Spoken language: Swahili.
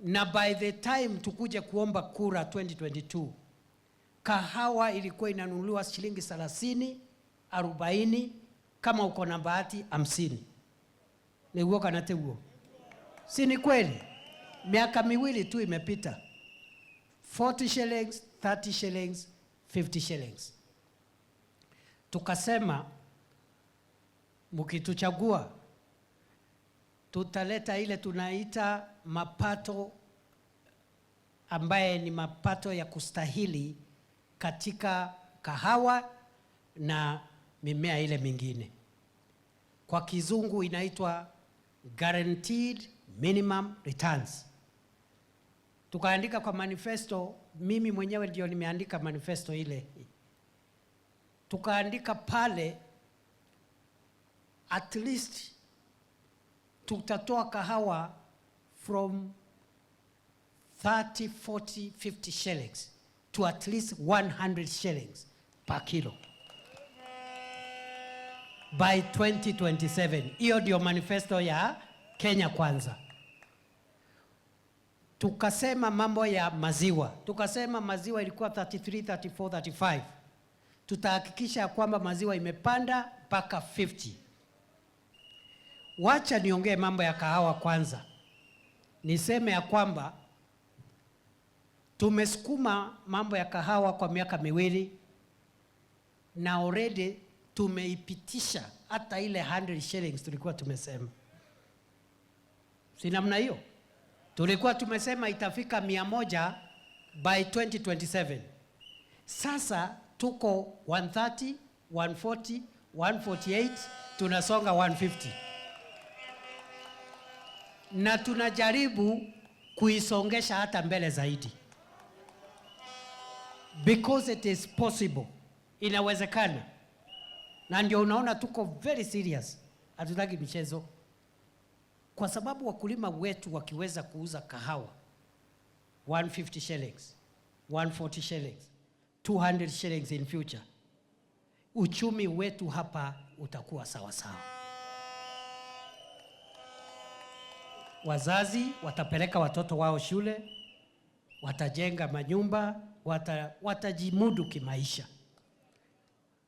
na by the time tukuje kuomba kura 2022 kahawa ilikuwa inanunuliwa shilingi 30, 40, kama uko na bahati 50. Niguo kana teguo? Si ni kweli? Miaka miwili tu imepita, 40 shillings, 30 shillings, 50 shillings. Tukasema mkituchagua tutaleta ile tunaita mapato ambaye ni mapato ya kustahili katika kahawa na mimea ile mingine. Kwa kizungu inaitwa guaranteed minimum returns. Tukaandika kwa manifesto, mimi mwenyewe ndio nimeandika manifesto ile. Tukaandika pale at least tutatoa kahawa from 30, 40, 50 shillings to at least 100 shillings per kilo by 2027. Hiyo ndio manifesto ya Kenya Kwanza. Tukasema mambo ya maziwa, tukasema maziwa ilikuwa 33, 34, 35. Tutahakikisha kwamba maziwa imepanda mpaka 50. Wacha niongee mambo ya kahawa kwanza, niseme ya kwamba tumesukuma mambo ya kahawa kwa miaka miwili na already tumeipitisha hata ile 100 shillings tulikuwa tumesema, si namna hiyo? Tulikuwa tumesema itafika mia moja by 2027. Sasa tuko 130, 140, 148, tunasonga 150 na tunajaribu kuisongesha hata mbele zaidi, because it is possible, inawezekana. Na ndio unaona tuko very serious, hatutaki michezo, kwa sababu wakulima wetu wakiweza kuuza kahawa 150 shillings, 140 shillings, 200 shillings in future, uchumi wetu hapa utakuwa sawa sawa. wazazi watapeleka watoto wao shule, watajenga manyumba, wata, watajimudu kimaisha.